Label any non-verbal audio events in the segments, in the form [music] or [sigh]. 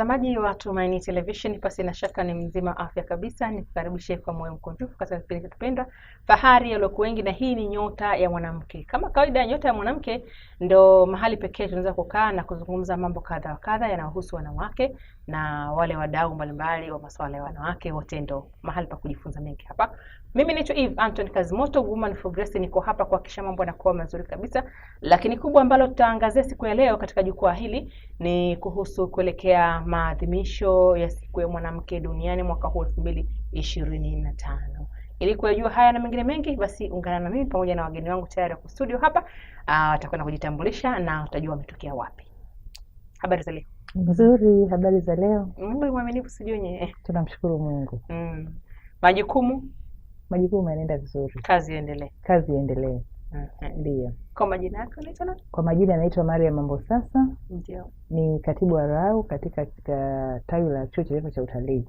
Mtazamaji wa Tumaini Television, pasi na shaka ni mzima afya kabisa, nikukaribishe kwa moyo mkunjufu katika kipindi kitupendwa Fahari ya Waliokuwa Wengi, na hii ni Nyota ya Mwanamke. Kama kawaida, Nyota ya Mwanamke ndo mahali pekee tunaweza kukaa na kuzungumza mambo kadha wa kadha yanayohusu wanawake na wale wadau mbalimbali wa masuala ya wanawake, wote ndo mahali pa kujifunza mengi hapa. Mimi naitwa Eve Anton Kazimoto, Woman for Grace, niko hapa kuhakikisha mambo yanakuwa mazuri kabisa, lakini kubwa ambalo tutaangazia siku ya leo katika jukwaa hili ni kuhusu kuelekea maadhimisho ya siku ya mwanamke duniani mwaka huu elfu mbili ishirini na tano. Ili kuyajua haya na mengine mengi, basi ungana na mimi pamoja na wageni wangu tayari wako studio hapa, ah, watakwenda kujitambulisha na utajua wametokea wapi. Habari za leo. Nzuri, habari za leo. Mungu mwaminifu, sijui nyewe. Tunamshukuru Mungu. Mm. Majukumu majukumu yanaenda vizuri, kazi iendelee, kazi iendelee. Mm-hmm. Ndiyo. Kwa majina yako unaitwa nani? Kwa majina anaitwa Maria Mambo Sasa. Ndio. Ni katibu wa RAU katika tawi la chuo cha cha utalii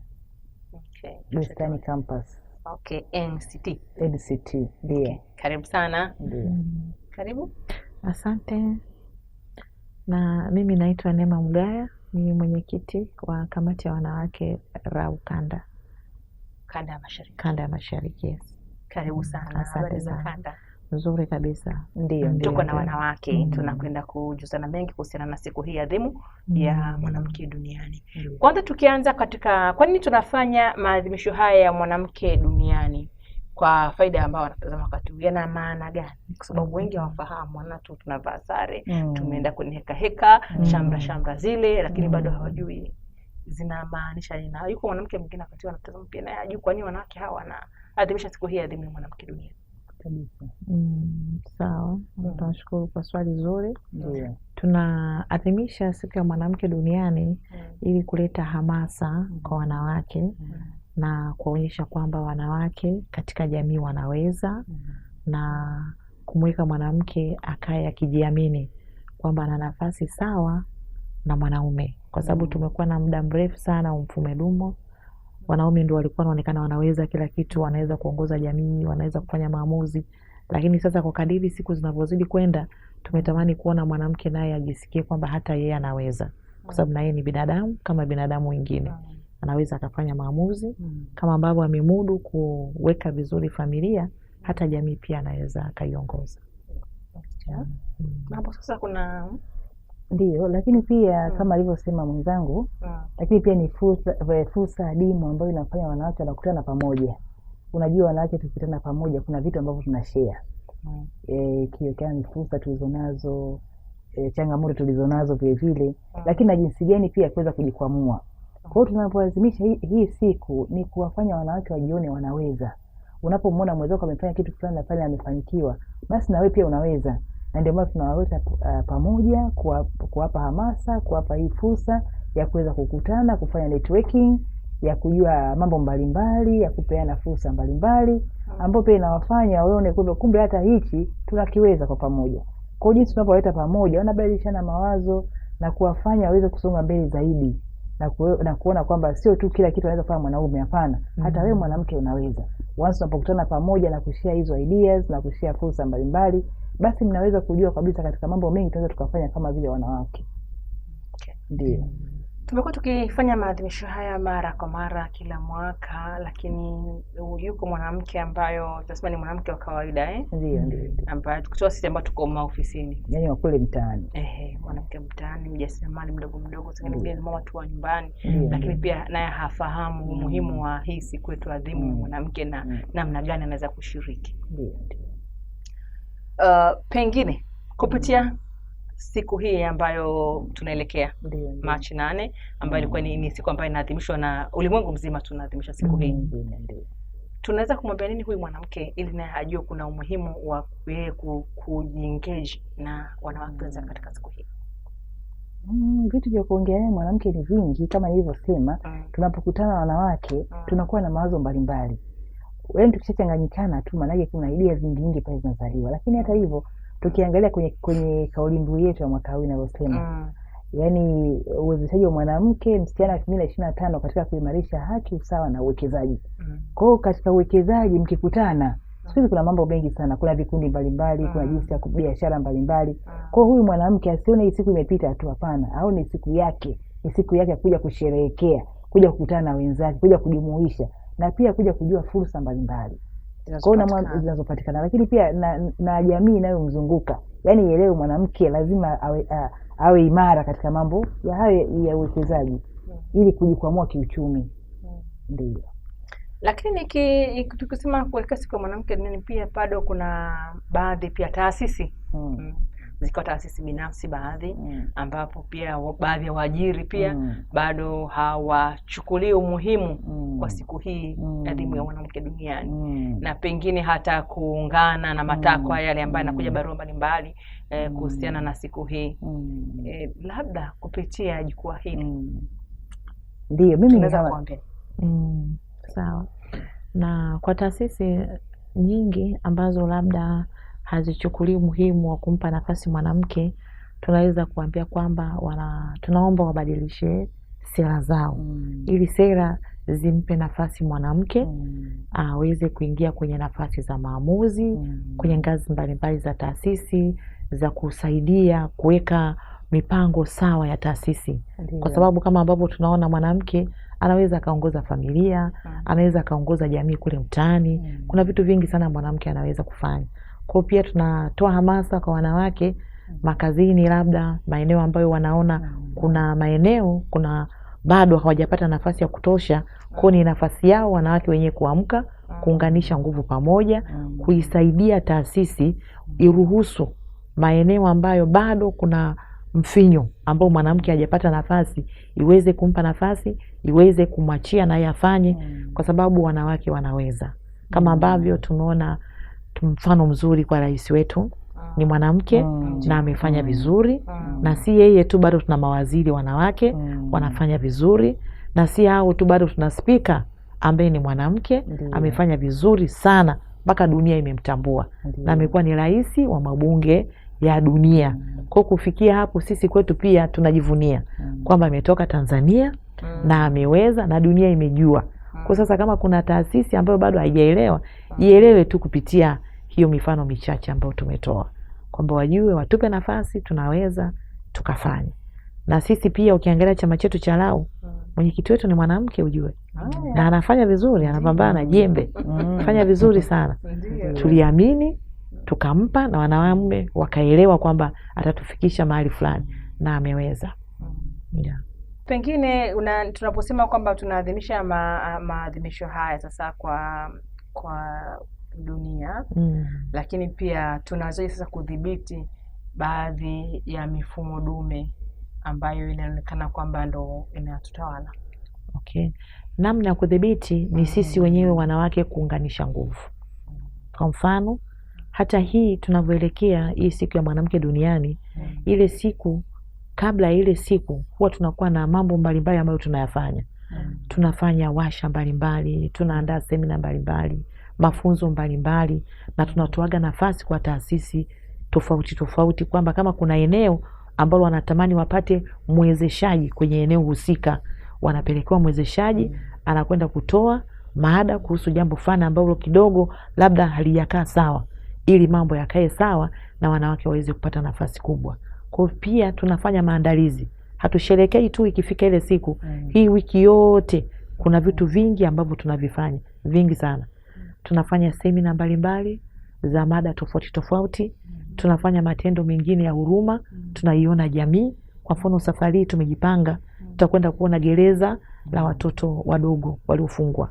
Bustani Campus. Okay, NCT. NCT. Ndio. Okay. Karibu sana. Ndio. Karibu. Asante. Na mimi naitwa Neema Mgaya, ni mwenyekiti wa kamati ya wanawake RAU Kanda kanda ya mashariki, kanda ya mashariki yes. Karibu sana. Asante sana. Kanda nzuri kabisa, ndio tuko na wanawake mm. Tunakwenda kujuzana mengi kuhusiana na siku hii adhimu mm. ya mwanamke duniani mm. Kwanza tukianza katika, kwa nini tunafanya maadhimisho haya ya mwanamke duniani kwa faida ambao wanatazama wakati huu, yana maana gani? Kwa sababu mm. wengi hawafahamu, wana tu tunavaa sare mm. tumeenda kwenye heka heka mm. shamra shamra zile, lakini mm. bado hawajui zinamaanisha nini. Na yuko mwanamke mwingine wakati anatazama pia naye ajui kwa nini wanawake hawa wanaadhimisha siku hii adhimu ya mwanamke duniani. Mm, sawa. Mm. Tunashukuru kwa swali zuri. Tunaadhimisha siku ya mwanamke duniani mm. ili kuleta hamasa kwa wanawake na kuwaonyesha kwamba wanawake katika jamii wanaweza na kumweka mwanamke akaye akijiamini kwamba ana nafasi sawa na mwanaume, kwa sababu tumekuwa na muda mrefu sana mfume dumo wanaume ndio walikuwa naonekana wanaweza kila kitu, wanaweza kuongoza jamii, wanaweza kufanya maamuzi. Lakini sasa kwa kadiri siku zinavyozidi kwenda, tumetamani kuona mwanamke naye ajisikie kwamba hata yeye anaweza, kwa sababu naye ni binadamu kama binadamu wengine, anaweza akafanya maamuzi kama ambavyo amemudu kuweka vizuri familia, hata jamii pia anaweza akaiongoza. Hapo sasa kuna ndio, lakini pia mm. kama alivyosema mwenzangu mm. lakini pia ni fursa, adimu ambayo inafanya wanawake wanakutana pamoja. Unajua, wanawake tukikutana pamoja kuna vitu ambavyo tunashare mm. E, ni fursa tulizonazo, e, changamoto tulizonazo vilevile mm. lakini na jinsi gani pia kuweza kujikwamua. Kwa hiyo hmm. tunapolazimisha hii, hii siku ni kuwafanya wanawake wajione wanaweza. Unapomwona mwezako amefanya kitu fulani na pale amefanikiwa, basi na pia unaweza na ndio maana tunawaweka uh, pamoja, kuwapa hamasa, kuwapa hii fursa ya kuweza kukutana, kufanya networking, ya kujua mambo mbalimbali, ya kupeana fursa mbalimbali ambayo pia inawafanya waone kumbe kumbe hata hichi tunakiweza kwa pamoja. Kwa hiyo jinsi tunavyowaleta pamoja, wanabadilishana mawazo na kuwafanya waweze kusonga mbele zaidi na, ku, na kuona kwamba sio tu kila kitu anaweza kufanya mwanaume, hapana, hata mm -hmm. wewe mm-hmm. mwanamke unaweza. Once unapokutana pamoja na kushia hizo ideas na kushia fursa mbalimbali basi mnaweza kujua kabisa katika mambo mengi tunaweza tukafanya kama vile wanawake. Ndio tumekuwa tukifanya maadhimisho haya mara kwa mara kila mwaka, lakini yuko mwanamke ambayo tunasema ni mwanamke wa kawaida eh? Ndio, ndio, sisi ambao tuko maofisini, yani wa kule mtaani eh, mwanamke mtaani, mjasiriamali mdogo mdogo, ni mama tu wa nyumbani, lakini pia naye hafahamu umuhimu mm. wa hii siku yetu adhimu ya mm. mwanamke na mm. namna gani anaweza kushiriki. Ndio, ndio uh, pengine kupitia siku hii ambayo tunaelekea Machi nane ambayo mm. ilikuwa ni, ni siku ambayo inaadhimishwa na ulimwengu mzima, tunaadhimisha siku hii Ndiyo. tunaweza kumwambia nini huyu mwanamke ili naye ajue kuna umuhimu wa yeye kujiengage na wanawake mm. wenzake katika siku hii? Mm, vitu vya kuongea naye mwanamke ni vingi kama nilivyosema. Mm. Tunapokutana na wanawake mm. tunakuwa na mawazo mbalimbali yaani tukishachanganyikana tu, maanake kuna idea nyingi nyingi pale zinazaliwa. Lakini hata hivyo tukiangalia kwenye, kwenye kauli mbiu yetu ya mwaka huu inavyosema mm. yaani uwezeshaji wa mwanamke msichana elfu mbili na ishirini na tano katika kuimarisha haki, usawa na uwekezaji mm. kwa hiyo katika uwekezaji mkikutana mm. siku hizi kuna mambo mengi sana, kuna vikundi mbalimbali mm. kuna jinsi ya biashara mbalimbali mm. kwao, huyu mwanamke asione hii siku imepita tu, hapana, au ni siku yake, ni siku yake ya kuja kusherehekea, kuja kukutana na wenzake, kuja kujumuisha na pia kuja kujua fursa mbalimbali zinazopatikana, lakini pia na, na jamii inayomzunguka yaani ielewe mwanamke lazima awe, a, awe imara katika mambo ya hayo ya uwekezaji yeah. Hmm. ili kujikwamua kiuchumi hmm. Ndio, lakini tukisema kuelekea siku ya mwanamke nini pia bado kuna baadhi pia taasisi Hmm, hmm zikiwa taasisi binafsi baadhi mm. ambapo pia baadhi ya waajiri pia mm. bado hawachukulii umuhimu mm. kwa siku hii mm. adhimu ya mwanamke duniani mm. na pengine hata kuungana na matakwa mm. yale ambayo yanakuja mm. barua mbalimbali eh, mm. kuhusiana na siku hii mm. eh, labda kupitia jukwaa hili mm. ndio mm. mimi sawa mm. sawa na kwa taasisi nyingi ambazo labda hazichukulii umuhimu wa kumpa nafasi mwanamke, tunaweza kuambia kwamba wana, tunaomba wabadilishe sera zao mm. ili sera zimpe nafasi mwanamke mm. aweze kuingia kwenye nafasi za maamuzi mm. kwenye ngazi mbalimbali za taasisi za kusaidia kuweka mipango sawa ya taasisi, kwa sababu kama ambavyo tunaona mwanamke anaweza akaongoza familia, ah. anaweza akaongoza jamii kule mtaani mm. kuna vitu vingi sana mwanamke anaweza kufanya kwao pia tunatoa hamasa kwa wanawake makazini, labda maeneo ambayo wanaona mm. kuna maeneo kuna bado hawajapata nafasi ya kutosha. Kwao ni nafasi yao wanawake wenyewe kuamka, mm. kuunganisha nguvu pamoja, mm. kuisaidia taasisi iruhusu maeneo ambayo bado kuna mfinyo ambao mwanamke hajapata nafasi, iweze kumpa nafasi, iweze kumwachia naye afanye, kwa sababu wanawake wanaweza, kama ambavyo tumeona mfano mzuri kwa rais wetu ni mwanamke mm. mm. na amefanya mm. vizuri mm. na si yeye tu, bado tuna mawaziri wanawake mm. wanafanya vizuri, na si hao tu, bado tuna spika ambaye ni mwanamke amefanya vizuri sana mpaka dunia imemtambua Ndiyo. na amekuwa ni rais wa mabunge ya dunia mm. kwa kufikia hapo, sisi kwetu pia tunajivunia mm. kwamba ametoka Tanzania mm. na ameweza na dunia imejua. Mm. Kwa sasa kama kuna taasisi ambayo bado haijaelewa, ielewe tu kupitia hiyo mifano michache ambayo tumetoa kwamba wajue watupe nafasi, tunaweza tukafanya na sisi pia. Ukiangalia chama chetu cha Lau, mwenyekiti wetu ni mwanamke ujue, na anafanya vizuri, anapambana jembe, mm. fanya vizuri sana. Tuliamini tukampa, na wanawame wakaelewa kwamba atatufikisha mahali fulani, na ameweza yeah. Pengine una, tunaposema kwamba tunaadhimisha maadhimisho ma haya sasa kwa kwa dunia mm. Lakini pia tunawezaje sasa kudhibiti baadhi ya mifumo dume ambayo inaonekana kwamba ndo inatutawala? Okay, namna ya kudhibiti ni mm. sisi wenyewe wanawake kuunganisha nguvu. Mm. Kwa mfano hata hii tunavyoelekea hii siku ya mwanamke duniani mm. ile siku kabla ya ile siku huwa tunakuwa na mambo mbalimbali ambayo tunayafanya mm. tunafanya washa mbalimbali, tunaandaa semina mbalimbali, mafunzo mbalimbali, na tunatoaga nafasi kwa taasisi tofauti tofauti kwamba kama kuna eneo ambalo wanatamani wapate mwezeshaji kwenye eneo husika, wanapelekewa mwezeshaji, anakwenda kutoa maada kuhusu jambo fulani ambalo kidogo labda halijakaa sawa, ili mambo yakae sawa na wanawake waweze kupata nafasi kubwa. Kwa pia tunafanya maandalizi, hatusherekei tu ikifika ile siku. Mm. Hii wiki yote kuna vitu vingi ambavyo tunavifanya vingi sana tunafanya semina mbalimbali za mada tofauti tofauti, tunafanya matendo mengine ya huruma, tunaiona jamii. Kwa mfano, safari hii tumejipanga, tutakwenda kuona gereza la watoto wadogo waliofungwa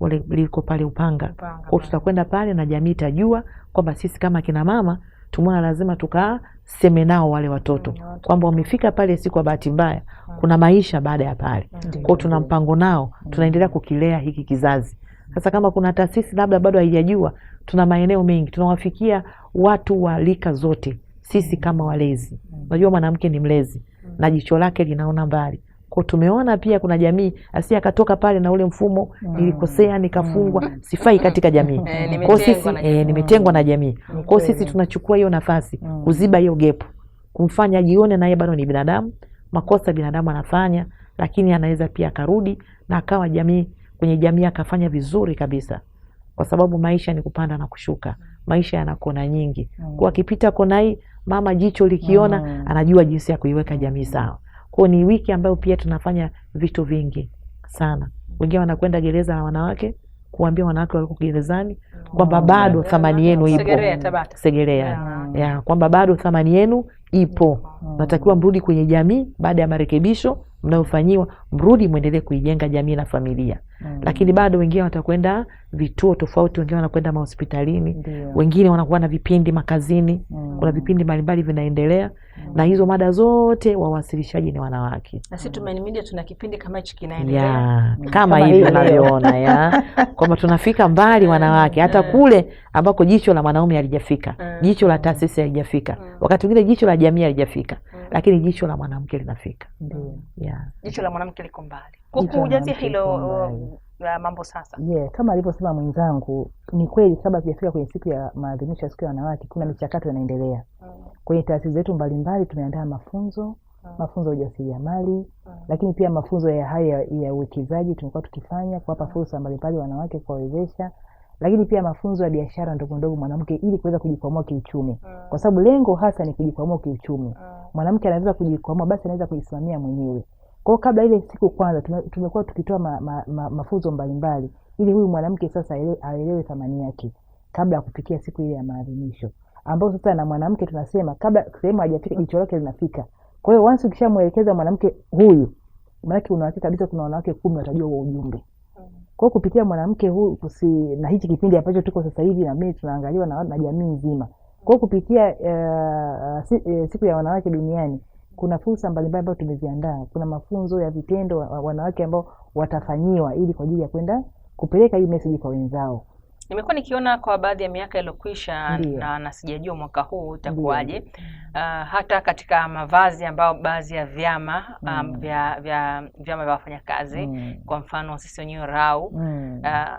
wale liko pale Upanga, Kwa tutakwenda pale na jamii itajua kwamba sisi kama kina mama tumeona lazima tukaseme nao wale watoto kwamba wamefika pale, si kwa bahati mbaya, kuna maisha baada ya pale. Kwao tuna mpango nao, tunaendelea kukilea hiki kizazi. Sasa kama kuna taasisi labda bado haijajua, tuna maeneo mengi tunawafikia watu wa rika zote. Sisi mm. kama walezi, mm. unajua mwanamke ni mlezi mm. na jicho lake linaona mbali ko tumeona pia kuna jamii asi akatoka pale na ule mfumo mm. nikafungwa mm. sifai katika jamii mm. [laughs] Eh, ko sisi eh, nimetengwa na jamii mm. ko sisi tunachukua hiyo nafasi mm. kuziba hiyo gepu, kumfanya ajione naye bado ni binadamu. Makosa binadamu anafanya, lakini anaweza pia akarudi na akawa jamii kwenye jamii akafanya vizuri kabisa, kwa sababu maisha ni kupanda na kushuka. Maisha yana kona nyingi, mm. kwa akipita kona hii mama jicho likiona mm. anajua jinsi ya kuiweka jamii sawa. Kwao ni wiki ambayo pia tunafanya vitu vingi sana. Wengine wanakwenda gereza la wanawake kuambia wanawake waliko gerezani mm. kwamba bado thamani yenu ipo Segerea, ya kwamba bado thamani yenu ipo, natakiwa mrudi kwenye jamii baada ya marekebisho mnayofanyiwa, mrudi mwendelee kuijenga jamii na familia mm. Lakini bado wengine watakwenda vituo tofauti, wengine wanakwenda mahospitalini Wengine wanakuwa na vipindi makazini mm. Kuna vipindi mbalimbali vinaendelea mm. Na hizo mada zote wawasilishaji ni wanawake, tuna kipindi kama hichi kinaendelea mm. kama hivi unavyoona ya [laughs] kwamba tunafika mbali mm. wanawake, hata mm. kule ambako jicho la mwanaume halijafika, jicho la taasisi halijafika, wakati mwingine jicho la jamii halijafika mm lakini jicho la mwanamke linafika. Yeah. Jicho la mwanamke liko mbali. Kwa hilo uh, la mambo sasa. Yeah, kama alivyosema mwenzangu ni kweli, kabla tujafika kwenye siku ya maadhimisho ya siku ya wanawake, kuna mm. michakato inaendelea mm. kwenye taasisi zetu mbalimbali tumeandaa mafunzo Hmm. mafunzo ya ujasiriamali hmm. lakini pia mafunzo ya haya ya uwekezaji tumekuwa tukifanya kuwapa mm. fursa mbalimbali wanawake kuwawezesha lakini pia mafunzo ya biashara ndogo ndogo mwanamke, ili kuweza kujikwamua kiuchumi mm. kwa sababu lengo hasa ni kujikwamua kiuchumi mm. mwanamke anaweza kujikwamua, basi anaweza kujisimamia mwenyewe. kwao kabla ile siku kwanza tumekuwa tukitoa ma, ma, ma, mafunzo mbalimbali ili huyu mwanamke sasa aelewe thamani yake kabla ya kufikia siku ile ya maadhimisho, ambao sasa na mwanamke tunasema kabla sehemu hajafika jicho lake linafika. Kwa hiyo once ukishamwelekeza mwanamke huyu, manake unawake kabisa, kuna wanawake kumi watajua wa ujumbe kwao kupitia mwanamke huyu kusi, na hichi kipindi ambacho tuko sasa hivi na mimi tunaangaliwa na, na jamii nzima. kwao kupitia uh, si, uh, siku ya wanawake duniani kuna fursa mbalimbali ambazo tumeziandaa. Kuna mafunzo ya vitendo wanawake ambao watafanyiwa ili kwa ajili ya kwenda kupeleka hii meseji kwa wenzao. Nimekuwa nikiona kwa baadhi ya miaka iliyokwisha na, na sijajua mwaka huu itakuwaje. Uh, ah, hata katika mavazi ambayo baadhi ya vyama um, vya, vya, vyama vya wafanyakazi mm. kwa mfano sisi wenyewe rau uh,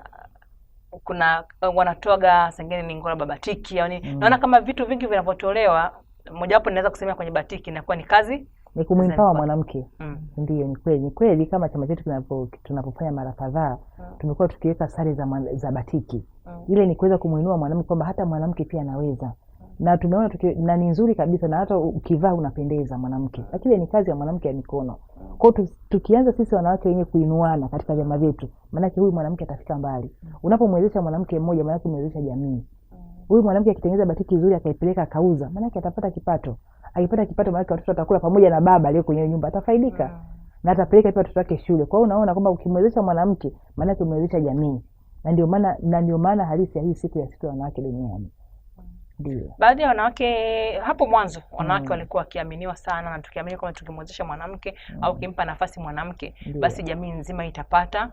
kuna eh, wanatoga sengine ni ngola babatiki batiki yaani naona kama vitu vingi vinavyotolewa mojawapo, inaweza kusemea kwenye batiki inakuwa ni kazi ni kumwimpawa mwanamke mm. Ndio, ni kweli, ni kweli. Kama chama chetu tunapofanya mara kadhaa mm. tumekuwa tukiweka sare za, za batiki mm. ile ni kuweza kumwinua mwanamke kwamba hata mwanamke pia anaweza mm. na tumeona na ni nzuri kabisa, na hata ukivaa unapendeza mwanamke, mm. lakini ni kazi ya mwanamke ya mikono. Mm. kwao tu, tukianza sisi wanawake wenyewe kuinuana katika vyama vyetu, maanake huyu mwanamke atafika mbali. Unapomwezesha mwanamke mmoja, maanake umewezesha jamii. Huyu mwanamke akitengeneza batiki nzuri, akaipeleka akauza, maanake atapata kipato akipata kipato, maake watoto atakula pamoja na baba aliye kwenye nyumba, atafaidika mm. na atapeleka pia watoto wake shule. Kwa hiyo unaona kwamba ukimwezesha mwanamke, maanake umewezesha jamii, na ndio maana na ndio maana halisi ya hii siku ya siku ya wanawake duniani. Mm. Ndio. Baadhi ya wanawake hapo mwanzo wanawake mm. walikuwa wakiaminiwa sana na tukiamini kwamba tukimwezesha mwanamke mm. au kimpa nafasi mwanamke basi jamii nzima itapata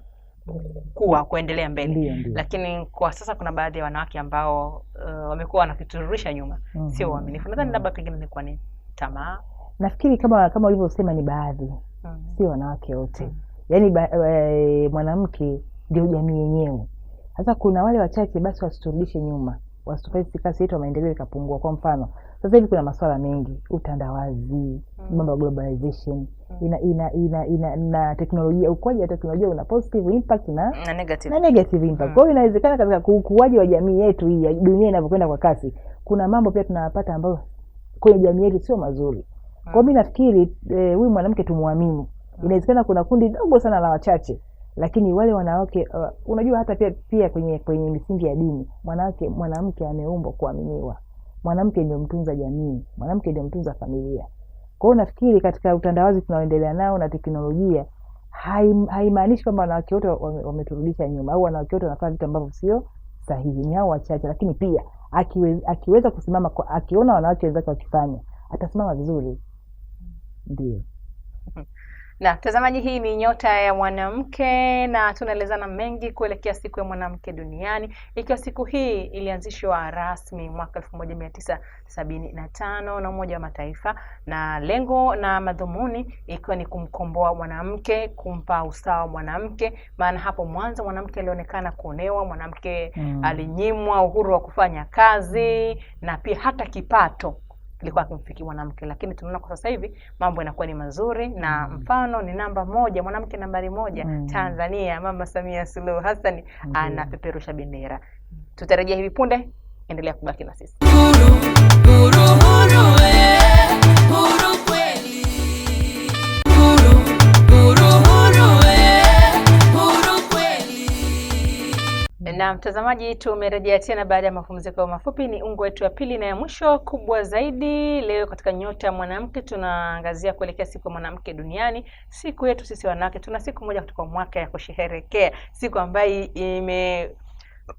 kukua kuendelea mbele ndiyo, ndiyo. Lakini kwa sasa kuna baadhi ya wanawake ambao uh, wamekuwa wanakitururisha nyuma mm -hmm. Sio uaminifu. Nadhani mhm. labda pengine ni kwa tamaa, nafikiri kama kama ulivyosema ni baadhi mm -hmm. Sio wanawake wote mm -hmm. Yaani e, mwanamke ndio jamii yenyewe. Sasa kuna wale wachache basi wasiturudishe nyuma, wasitufanye kasi yetu wa maendeleo ikapungua. Kwa mfano sasa hivi kuna maswala mengi, utandawazi, mm. mambo ya globalization mm. ina ina ina ina na teknolojia, ukuaji wa teknolojia una positive impact na na negative, na negative impact. Mm. Kwa hiyo mm. inawezekana katika ukuaji wa jamii yetu hii, dunia inavyokwenda kwa kasi, kuna mambo pia tunayapata ambayo kwenye jamii yetu sio mazuri. Kwa hiyo mimi nafikiri eh, huyu e, mwanamke tumwamini. Inawezekana kuna kundi dogo sana la wachache lakini wale wanawake uh, unajua hata pia, pia kwenye kwenye misingi ya dini mwanamke mwanamke ameumbwa kuaminiwa mwanamke ndio mtunza jamii, mwanamke ndio mtunza familia. Kwa hiyo nafikiri katika utandawazi tunaoendelea nao na teknolojia haimaanishi hai kwamba wanawake wote wameturudisha wame nyuma au wanawake wote wanafanya vitu ambavyo sio sahihi, ni hao wachache. Lakini pia akiwe, akiweza kusimama akiona wanawake wenzake wakifanya atasimama vizuri, ndio [laughs] Na mtazamaji, hii ni Nyota ya Mwanamke na tunaelezana mengi kuelekea siku ya mwanamke duniani, ikiwa siku hii ilianzishwa rasmi mwaka 1975 mia tisa sabini na tano na Umoja wa Mataifa, na lengo na madhumuni ikiwa ni kumkomboa mwanamke, kumpa usawa mwanamke. Maana hapo mwanzo mwanamke alionekana kuonewa, mwanamke mm, alinyimwa uhuru wa kufanya kazi na pia hata kipato ilikuwa akimfikii mwanamke, lakini tunaona kwa sasa hivi mambo yanakuwa ni mazuri na mm. mfano ni namba moja, mwanamke nambari moja mm. Tanzania, Mama Samia Suluhu Hassan mm. anapeperusha bendera. Tutarejea hivi punde, endelea kubaki na sisi. Eh. mtazamaji, tumerejea tena baada ya mapumziko mafupi. Ni ungo wetu ya pili na ya mwisho kubwa zaidi leo katika Nyota ya Mwanamke, tunaangazia kuelekea siku ya mwanamke duniani. Siku yetu sisi wanawake tuna siku moja kutoka mwaka ya kusherehekea, siku ambayo ime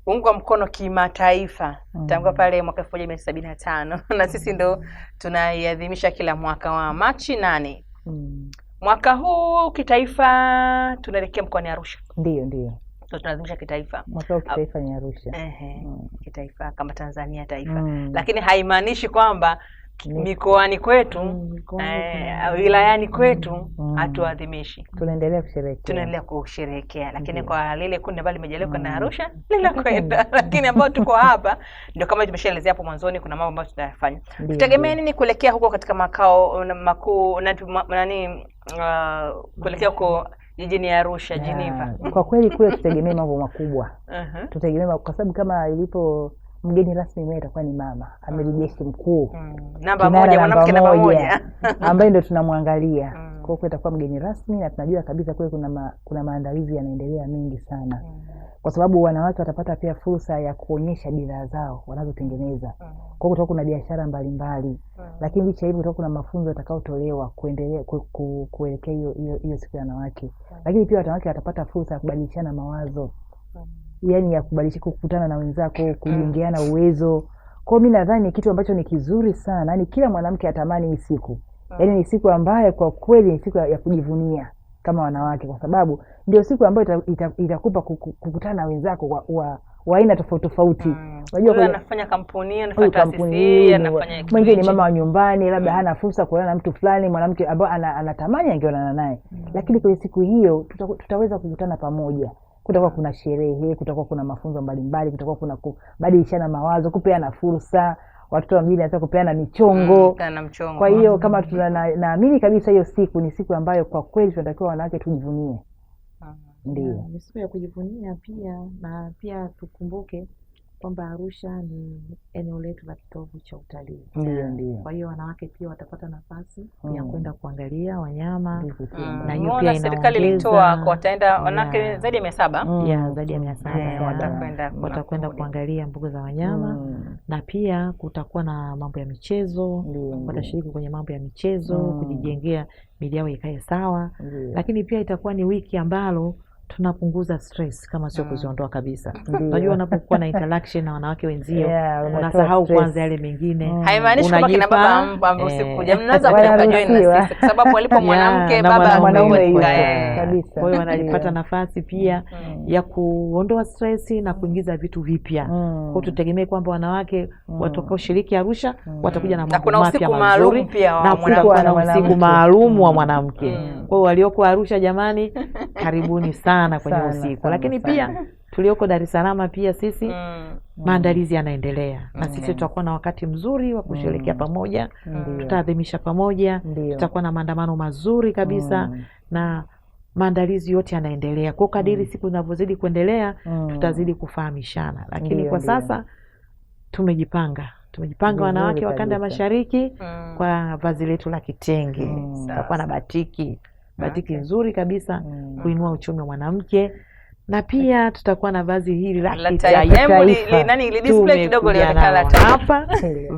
ungwa mkono kimataifa mm. tangu pale mwaka elfu moja mia tisa sabini na tano [laughs] na sisi ndo tunaiadhimisha kila mwaka wa Machi nane mm. mwaka huu kitaifa tunaelekea mkoani Arusha. Ndio, ndio so tunalazimisha kitaifa, kitaifa ni Arusha. Ehe, mm. kitaifa kama Tanzania taifa mm. lakini haimaanishi kwamba mikoani kwetu mm, eh, wilayani mm. kwetu mm. hatuadhimishi, tunaendelea kusherehekea, tunaendelea kusherehekea, lakini kwa lile kundi ambalo limejaliwa na Arusha linakwenda, [laughs] lakini ambao tuko hapa ndio kama tumeshaelezea hapo mwanzoni, kuna mambo ambayo tunayafanya. Tutegemee nini kuelekea huko katika makao makuu nani, uh, kuelekea huko jijini Arusha na, Geneva. Kwa kweli kule tutegemee mambo makubwa uh-huh. Tutegemee kwa sababu kama ilipo mgeni rasmi mwenyewe itakuwa ni mama amiri mm. jeshi mkuu, mm. namba moja, mwanamke namba moja ambaye ndio tunamwangalia mm kwa hiyo atakuwa mgeni rasmi, na tunajua kabisa kule kuna, ma, kuna maandalizi yanaendelea mengi sana mm -hmm. kwa sababu wanawake watapata pia fursa ya kuonyesha bidhaa zao wanazotengeneza mm -hmm. kwa hiyo kutakuwa kuna biashara mbalimbali mm -hmm. lakini licha hivyo kutakuwa kuna mafunzo yatakayotolewa kuendelea ku, ku, kuelekea hiyo siku ya wanawake mm -hmm. lakini pia wanawake watapata fursa ya kubadilishana mawazo mm -hmm. yani ya kubadilisha kukutana na wenzako mm. kujengeana uwezo kwao. Mi nadhani kitu ambacho ni kizuri sana, yani kila mwanamke atamani hii siku mm yaani ni siku ambayo kwa kweli ni siku ya, ya kujivunia kama wanawake, kwa sababu ndio siku ambayo itakupa ita, ita, kukutana na wenzako wa aina tofauti tofauti. Mm. Unajua mm. anafanya kampuni, anafanya taasisi, anafanya mwingine ni mama wa nyumbani, labda mm. hana fursa kuonana na mtu fulani, mwanamke ambaye anatamani angeonana naye mm. lakini kwenye siku hiyo tuta, tutaweza kukutana pamoja kutakuwa kuna sherehe, kutakuwa kuna mafunzo mbalimbali, kutakuwa kuna kubadilishana mawazo, kupeana fursa, watoto wawili anaweza kupeana michongo mm, Kwa hiyo mm. kama tuna naamini na kabisa hiyo siku ni siku ambayo kwa kweli tunatakiwa wanawake tujivunie, mm. ndio ni siku ya kujivunia pia, na pia tukumbuke kwamba Arusha ni eneo letu la kitovu cha utalii. Eh, kwa hiyo wanawake pia watapata nafasi mm. ya kwenda kuangalia wanyama mm. na hiyo pia serikali ilitoa kwa wataenda wanawake zaidi ya mia saba hmm. zaidi ya mia saba eh, watakwenda kuangalia mbuga za wanyama mm. na pia kutakuwa na mambo ya michezo mm. watashiriki kwenye mambo ya michezo mm. kujijengea mili yao ikae sawa mm. lakini pia itakuwa ni wiki ambalo tunapunguza stress kama sio mm. kuziondoa kabisa. Unajua, unapokuwa na interaction na wanawake wenzio yeah, unasahau kwanza yale mengine. Mm. Haimaanishi kwamba kina baba eh. [laughs] na sisi, sababu mwanamke baba mwanaume eh, kabisa. Kwa hiyo wanalipata nafasi pia mm. ya kuondoa stress na kuingiza vitu vipya. Kwa tutegemee kwamba wanawake watoka shiriki Arusha watakuja na mambo mapya mazuri, na kuna usiku maalum wa mwanamke. Kwa hiyo walioko Arusha, jamani, [laughs] karibuni sana sana kwenye usiku lakini sana. pia tulioko Dar es Salaam pia sisi mm. maandalizi yanaendelea mm. na sisi tutakuwa na wakati mzuri wa kusherekea mm. pamoja mm. tutaadhimisha pamoja tutakuwa na maandamano mazuri kabisa mm. na maandalizi yote yanaendelea kwa kadiri mm. siku zinavyozidi kuendelea mm. tutazidi kufahamishana lakini Ndiyo, kwa sasa tumejipanga tumejipanga wanawake wa kanda ya mashariki mm. kwa vazi letu la kitenge mm. tutakuwa na batiki batiki nzuri kabisa mm. kuinua uchumi wa mwanamke na pia tutakuwa na vazi hili la kitaifa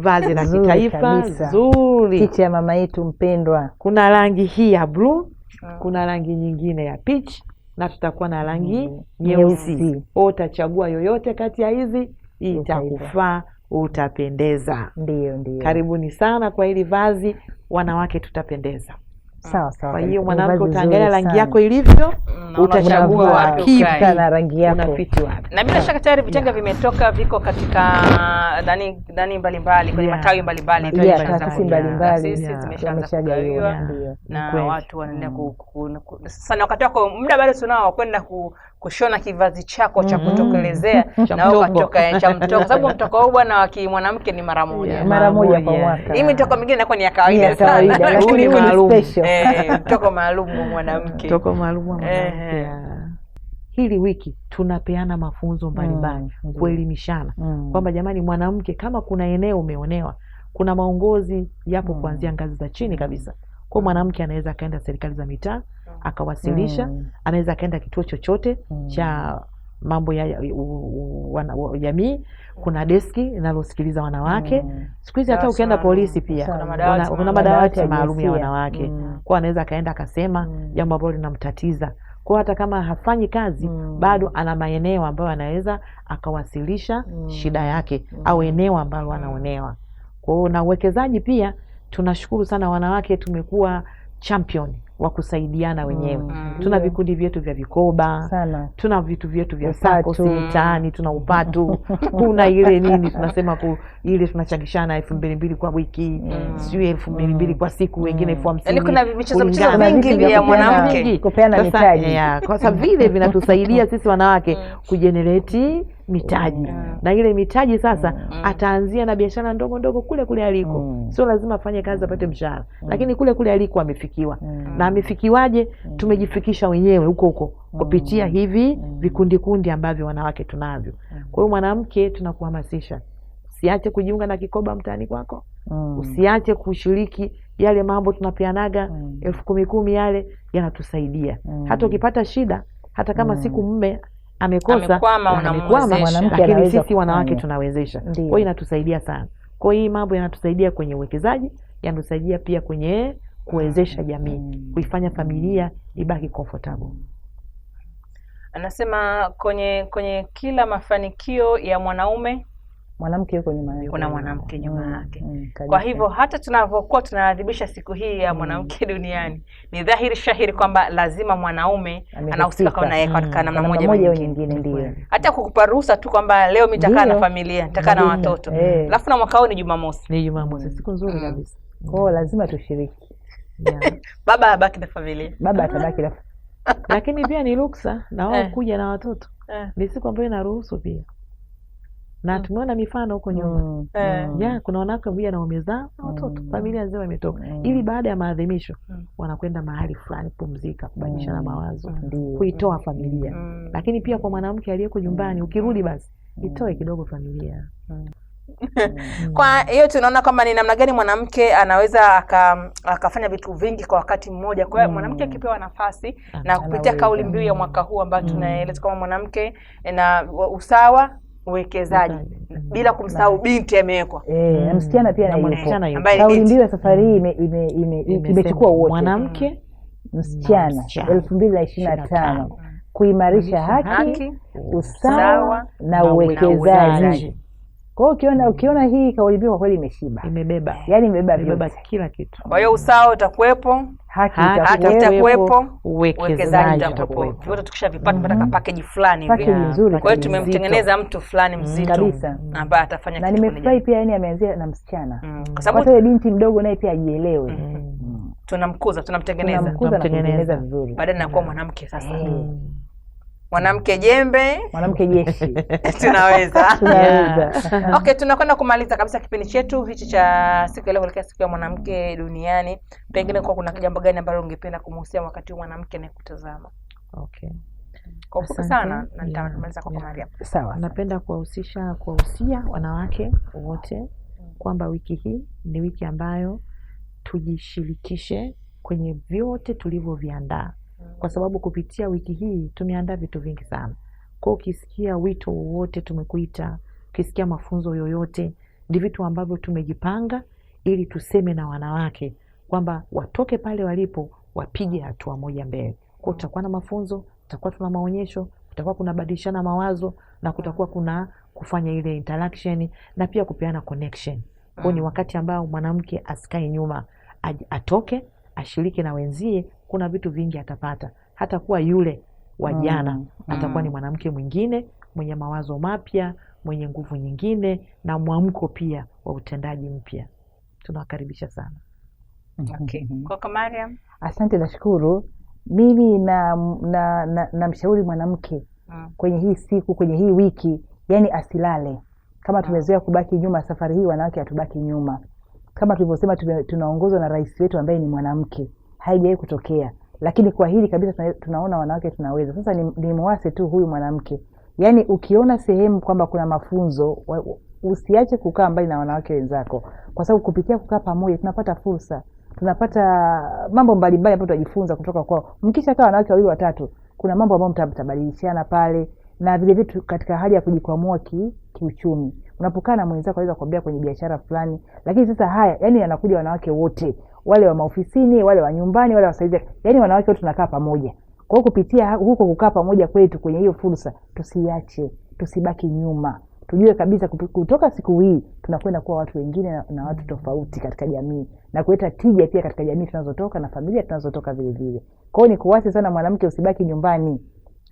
vazi la kitaifa nzuri, picha ya mama yetu mpendwa. Kuna rangi hii ya bluu, mm. kuna rangi nyingine ya peach na tutakuwa na rangi mm. nyeusi. Utachagua yoyote kati ya hizi, itakufaa, utapendeza. Ndio, ndio. Karibuni sana kwa hili vazi, wanawake tutapendeza sawa sawa. Kwa hiyo mwanangu, utaangalia rangi yako ilivyo utachagua wapi na rangi yako wapi. Na bila shaka tayari vitenga vimetoka viko katika uh, nani nani mbalimbali kwenye matawi mbalimbali taasisi mbalimbali zimeshagawiwa na watu wanaenda mm. sasa, na wakati wako muda bado tunao kwenda kushona kivazi chako cha mm-hmm. kutokelezea [laughs] na ukatoka eh, cha mtoko, sababu mtoko huu bwana wa kimwanamke ni mara moja mara moja kwa mwaka. Hii mitoko mingine inakuwa ni ya kawaida sana, lakini mtoko maalum wa mwanamke, mtoko maalum wa eh. mwanamke hili wiki tunapeana mafunzo mm, mbalimbali mm, kuelimishana mm, kwamba jamani, mwanamke kama kuna eneo umeonewa, kuna maongozi yapo mm, kuanzia ngazi za chini mm. kabisa. Kwa mm. mwanamke anaweza akaenda serikali za mitaa akawasilisha mm, anaweza akaenda kituo chochote mm, cha mambo ya jamii. Kuna deski linalosikiliza wanawake mm. Siku hizi hata ukienda polisi pia kuna madawati maalum ya wanawake mm, kwa anaweza akaenda akasema jambo ambalo linamtatiza kwao, hata kama hafanyi kazi mm. bado ana maeneo ambayo anaweza akawasilisha mm. shida yake mm. au eneo ambalo mm. anaonewa kwao. Na uwekezaji pia tunashukuru sana wanawake, tumekuwa champion wa kusaidiana wenyewe mm. tuna vikundi vyetu vya vikoba sana. tuna vitu vyetu vya mtaani, mm. tuna mm. upatu [laughs] kuna ile nini tunasema ku, ile tunachangishana elfu mbili mbili kwa wiki mm. sijui elfu mbili mm. mbili kwa siku wengine elfu hamsini yaani Kuna michezo michezo mingi mwanamke kupeana mitaji, kwa sababu vile [laughs] vinatusaidia sisi wanawake kujenereti mitaji mm. na ile mitaji sasa mm. mm. ataanzia na biashara ndogo ndogo kule kule aliko mm. sio lazima afanye kazi apate mm. mshahara mm. lakini kule kule aliko amefikiwa mm. na amefikiwaje? mm. tumejifikisha wenyewe huko huko mm. kupitia mm. hivi mm. kundi ambavyo wanawake tunavyo. mm. Kwa hiyo mwanamke, tunakuhamasisha usiache kujiunga na kikoba mtaani kwako mm. usiache kushiriki yale mambo tunapeanaga mm. elfu kumi kumi, yale yanatusaidia mm. hata ukipata shida hata kama mm. siku mme amekosa amekwama, mwanamke, lakini sisi wanawake tunawezesha. Kwa hiyo inatusaidia sana. Kwa hiyo hii mambo yanatusaidia kwenye uwekezaji, yanatusaidia pia kwenye kuwezesha jamii, kuifanya familia ibaki comfortable. Anasema kwenye kwenye kila mafanikio ya mwanaume mwanamke yuko nyuma yake, kuna mwanamke nyuma mm, yake. Mm, mm, kwa hivyo hata tunavyokuwa tunaadhibisha siku hii ya mm. mwanamke duniani, ni dhahiri shahiri kwamba lazima mwanaume anahusika kwa mm. namna moja au nyingine, ndio hata kukupa ruhusa tu kwamba leo mimi nitakaa na familia, nitakaa na watoto, eh. alafu na mwaka huu ni Jumamosi, ni Jumamosi, siku nzuri kabisa kwao, lazima tushiriki. [laughs] Baba abaki na familia, baba atabaki na, lakini pia ni ruksa na wao eh. kuja na watoto, eh. ni siku ambayo inaruhusu pia na mm. tumeona mifano huko nyuma mm. Eh. mm. ya kuna wanawake wamekuja na waume zao na watoto mm. familia nzima imetoka mm. ili baada ya maadhimisho mm. wanakwenda mahali fulani kupumzika, kubadilishana mm. mawazo mm. kuitoa familia mm. lakini pia kwa mwanamke aliyeko nyumbani, ukirudi basi itoe kidogo familia mm. [laughs] kwa hiyo tunaona kwamba ni namna gani mwanamke anaweza aka, akafanya vitu vingi kwa wakati mmoja. Kwa hiyo mm. mwanamke akipewa nafasi na kupitia kauli mbiu ya mwaka huu ambayo tunaeleza kwamba mwanamke eh, na usawa uwekezaji mm-hmm. bila kumsahau binti amewekwa na eh, mm-hmm. msichana pia kauli mbiu ya safari hii imechukua wote mwanamke msichana elfu mbili na ishirini na tano kuimarisha haki, usawa na uwekezaji. Kwa hiyo ukiona ukiona hii kauli mbiu kwa kweli imeshiba, imebeba, yaani imebeba kila kitu. Kwa hiyo usawa utakuwepo, haki itakuwepo, uwekezaji utakuwepo, vyote vipata mm -hmm. Mpaka package fulani hivi. Kwa hiyo tumemtengeneza mtu fulani mm, mzito kabisa ambaye atafanya kitu. Na nimefurahi pia, yani ameanzia na msichana, mm, mm. kwa sababu ile binti mdogo naye pia ajielewe tunamkuza tunamtengeneza, tunamtengeneza vizuri, baadaye nakuwa mwanamke sasa mwanamke jembe, mwanamke jeshi [laughs] tunaweza [laughs] tunaweza. [laughs] Okay, tunakwenda kumaliza kabisa kipindi chetu hichi cha siku ya leo kuelekea siku ya mwanamke duniani. Pengine kwa kuna jambo gani ambalo ungependa kumhusia wakati mwanamke anayekutazama? Okay, kwa sana na kwa Sawa, napenda kuwahusisha kuwahusia wanawake wote mm. kwamba wiki hii ni wiki ambayo tujishirikishe kwenye vyote tulivyoviandaa kwa sababu kupitia wiki hii tumeandaa vitu vingi sana. Kwa ukisikia wito wowote tumekuita, ukisikia mafunzo yoyote, ndi vitu ambavyo tumejipanga ili tuseme na wanawake kwamba watoke pale walipo, wapige hatua moja mbele. Kwao tutakuwa na mafunzo, tutakuwa tuna maonyesho, kutakuwa kuna badilishana mawazo na kutakuwa kuna kufanya ile interaction na pia kupeana connection. Kwao ni wakati ambao mwanamke asikae nyuma, atoke ashiriki na wenzie kuna vitu vingi atapata, hata kuwa yule wa mm, jana mm. atakuwa mm. ni mwanamke mwingine mwenye mawazo mapya, mwenye nguvu nyingine na mwamko pia wa utendaji mpya. Tunawakaribisha sana. Okay. Mm-hmm. Mariam, asante, nashukuru. Mimi na na, na, na mshauri mwanamke mm. kwenye hii siku, kwenye hii wiki, yani asilale kama mm. tumezoea kubaki nyuma. Safari hii wanawake hatubaki nyuma, kama tulivyosema, tunaongozwa na rais wetu ambaye ni mwanamke haijawahi kutokea lakini kwa hili kabisa tunaona wanawake tunaweza sasa ni, ni mwase tu huyu mwanamke yaani ukiona sehemu kwamba kuna mafunzo usiache kukaa mbali na wanawake wenzako kwa sababu kupitia kukaa pamoja tunapata fursa tunapata mambo mbalimbali ambayo tunajifunza kutoka kwao mkisha kaa wanawake wawili watatu kuna mambo ambayo mtabadilishana pale na vilevile katika hali ya kujikwamua kiuchumi ki, unapokaa na mwenzako aweza kuambia kwenye biashara fulani lakini sasa haya yani yanakuja wanawake wote wale wa maofisini, wale wa nyumbani, wale wasaidia yaani wanawake wote tunakaa pamoja. Kwa hiyo kupitia huko kukaa pamoja kwetu kwenye hiyo fursa, tusiache, tusibaki nyuma, tujue kabisa kutoka siku hii tunakwenda kuwa watu wengine na, na watu tofauti katika jamii na kuleta tija pia katika jamii tunazotoka na familia tunazotoka vile vile kwao ni kuwasi sana mwanamke, usibaki nyumbani,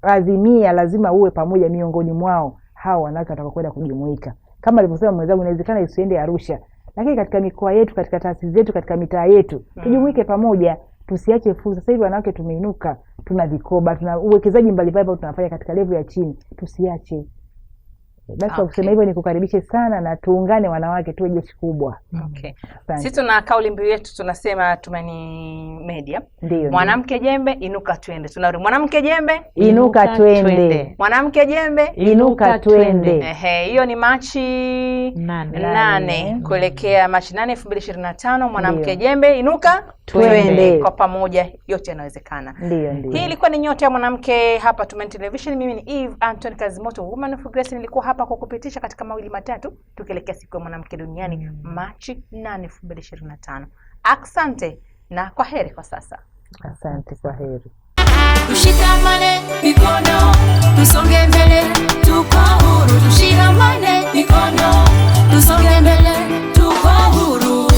azimia, lazima uwe pamoja miongoni mwao hao wanawake watakakwenda kujumuika. Kama alivyosema mwenzangu, inawezekana isiende Arusha, lakini katika mikoa yetu, katika taasisi zetu, katika mitaa yetu mm. tujumuike pamoja, tusiache fursa. Sasa hivi wanawake tumeinuka, tuna vikoba, tuna uwekezaji mbalimbali ambao tunafanya katika levu ya chini, tusiache basi ah, okay. kusema hivyo nikukaribishe sana na tuungane wanawake tuwe jeshi kubwa. Okay. Sisi tuna kauli mbiu yetu tunasema Tumaini Media. ndio, mwanamke jembe inuka twende. Tunarudi mwanamke jembe inuka twende. Mwanamke jembe inuka twende. Ehe, hiyo ni Machi nane, nane. nane. kuelekea Machi nane elfu mbili ishirini na tano mwanamke jembe inuka tuende kwa pamoja, yote yanawezekana. Ndio, ndio. Hii ilikuwa ni Nyota ya Mwanamke hapa Tumaini Television. Mimi ni Eve Anton Kazimoto, Woman of Grace. Nilikuwa hapa kwa kupitisha katika mawili matatu, tukielekea siku ya mwanamke duniani mm. Machi 8, 2025. Asante na kwa heri kwa sasa. Asante, kwa heri. Tushikamane mikono, tusonge mbele, tuko huru. Tushikamane mikono, tusonge mbele, tuko huru.